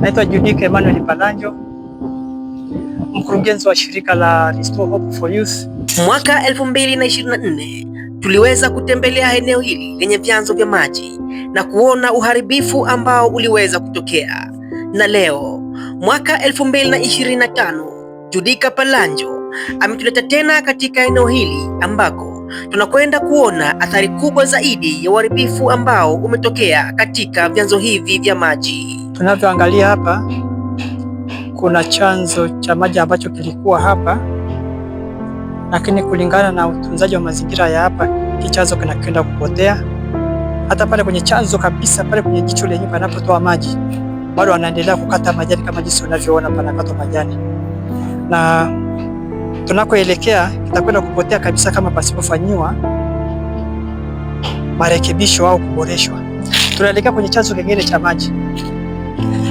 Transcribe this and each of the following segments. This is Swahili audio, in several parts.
Naitwa Judika Emmanuel Palanjo, mkurugenzi wa shirika la Restore Hope for Youth. Mwaka 2024 tuliweza kutembelea eneo hili lenye vyanzo vya maji na kuona uharibifu ambao uliweza kutokea, na leo mwaka 2025 Judika Palanjo ametuleta tena katika eneo hili ambako tunakwenda kuona athari kubwa zaidi ya uharibifu ambao umetokea katika vyanzo hivi vya maji. Tunavyoangalia hapa, kuna chanzo cha maji ambacho kilikuwa hapa, lakini kulingana na utunzaji wa mazingira ya hapa, kichanzo kinakwenda kupotea. Hata pale kwenye chanzo kabisa, pale kwenye jicho lenye panapotoa maji, bado wanaendelea kukata majani kama jinsi unavyoona panakatwa majani na tunakoelekea kitakwenda kupotea kabisa kama pasipofanyiwa marekebisho au kuboreshwa. Tunaelekea kwenye chanzo kingine cha maji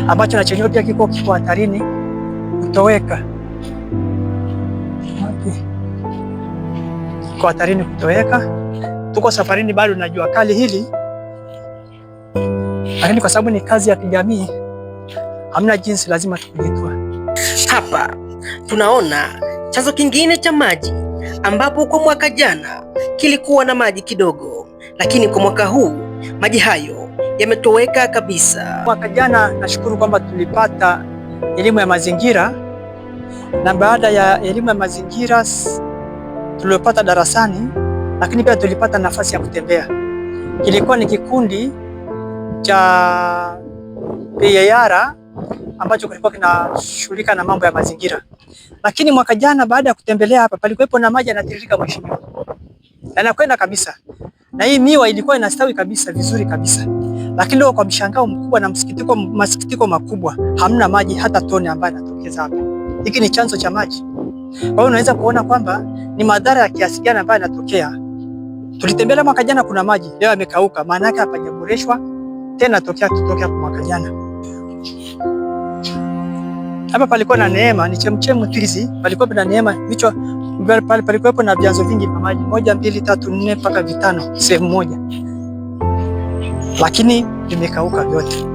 ambacho na chenyewe pia kiko kiko hatarini kutoweka, kiko hatarini kutoweka. Tuko safarini bado na jua kali hili, lakini kwa sababu ni kazi ya kijamii, hamna jinsi, lazima tukujitoa hapa. Tunaona Chanzo kingine cha maji ambapo kwa mwaka jana kilikuwa na maji kidogo, lakini kwa mwaka huu maji hayo yametoweka kabisa. Mwaka jana nashukuru kwamba tulipata elimu ya mazingira, na baada ya elimu ya mazingira tuliyopata darasani, lakini pia tulipata nafasi ya kutembea. Kilikuwa ni kikundi cha Peyara ambacho kilikuwa kinashughulika na mambo ya mazingira. Lakini mwaka jana baada ya kutembelea hapa, palikuwepo na maji yanatiririka mheshimiwa, yanakwenda kabisa, na hii miwa ilikuwa inastawi kabisa vizuri kabisa, lakini leo kwa mshangao mkubwa na msikitiko, masikitiko makubwa, hamna maji hata tone ambayo inatokeza hapa. Hiki ni chanzo cha maji. Kwa hiyo unaweza kuona kwamba ni madhara ya kiasi gani ambayo yanatokea. Tulitembelea mwaka jana kuna maji, leo yamekauka, maana yake hapajaboreshwa tena tokea tutokea mwaka jana. Hapa palikuwa na neema, ni chemchemu hizi, palikuwa na neema micho pale, palikuwa na vyanzo vingi vya maji, moja, mbili, tatu, nne mpaka vitano sehemu moja, lakini vimekauka vyote.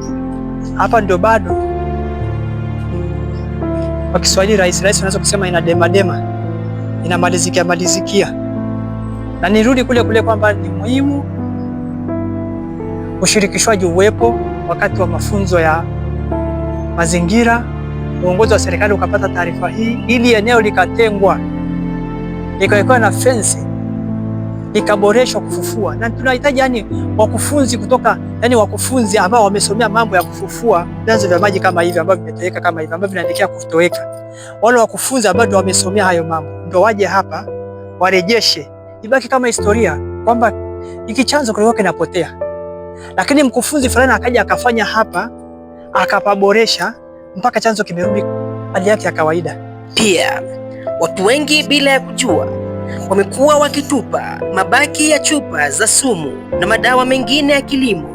Hapa ndio bado kwa Kiswahili rahisi rahisi unaweza kusema ina dema dema, ina malizikia malizikia. Na nirudi kule kule kwamba ni muhimu ushirikishwaji uwepo wakati wa mafunzo ya mazingira uongozi wa serikali ukapata taarifa hii, ili eneo likatengwa likawekewa na fence ikaboreshwa kufufua, na tunahitaji yani wakufunzi kutoka yani wakufunzi ambao wamesomea mambo ya kufufua vyanzo vya maji kama hivi ambavyo vimetoweka kama hivi ambavyo vinaendelea kutoweka, wale wakufunzi ambao ndio wamesomea hayo mambo ndio waje hapa warejeshe, ibaki kama historia kwamba hiki chanzo kilikuwa kinapotea, lakini mkufunzi fulani akaja akafanya hapa akapaboresha mpaka chanzo kimerudi hali yake ya kawaida. Pia watu wengi bila ya kujua wamekuwa wakitupa mabaki ya chupa za sumu na madawa mengine ya kilimo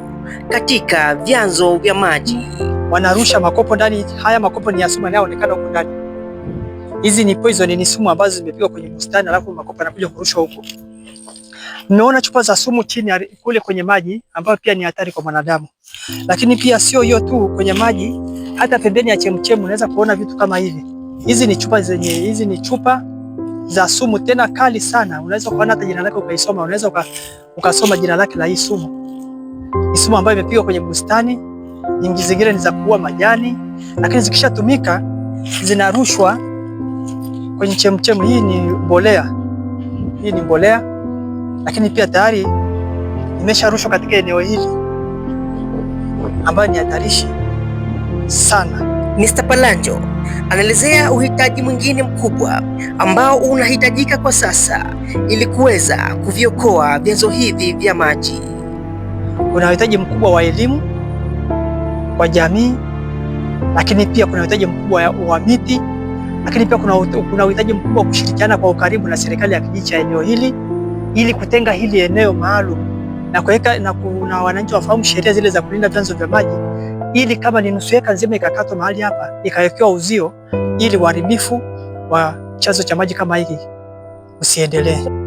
katika vyanzo vya maji. Wanarusha makopo ndani. Haya makopo ni ya sumu yanayoonekana huko ndani. Hizi ni poison, ni sumu ambazo zimepigwa kwenye bustani, alafu makopo yanakuja kurushwa huko. Mmeona chupa za sumu chini kule kwenye maji, ambayo pia ni hatari kwa mwanadamu. Lakini pia sio hiyo tu, kwenye maji hata pembeni ya chemchemu unaweza kuona vitu kama hivi. Hizi ni chupa zenye, hizi ni chupa za sumu tena kali sana. Unaweza kuona hata jina lake ukaisoma, unaweza uka, ukasoma jina lake la hii sumu. Ni sumu ambayo imepigwa kwenye bustani, nyingi zingine ni za kuua majani, lakini zikishatumika zinarushwa kwenye chemchemu. Hii ni mbolea, hii ni mbolea, lakini pia tayari imesharushwa katika eneo hili ambayo ni hatarishi sana. Mr. Palanjo anaelezea uhitaji mwingine mkubwa ambao unahitajika kwa sasa ili kuweza kuviokoa vyanzo hivi vya maji. Kuna uhitaji mkubwa wa elimu kwa jamii, lakini pia kuna uhitaji mkubwa wa miti, lakini pia kuna uhitaji mkubwa wa kushirikiana kwa ukaribu na serikali ya kijiji cha eneo hili ili kutenga hili eneo maalum na kuweka na, na wananchi wafahamu sheria zile za kulinda vyanzo vya maji ili kama ni nusu eka nzima ikakatwa mahali hapa ikawekewa uzio ili uharibifu wa chanzo cha maji kama hiki usiendelee.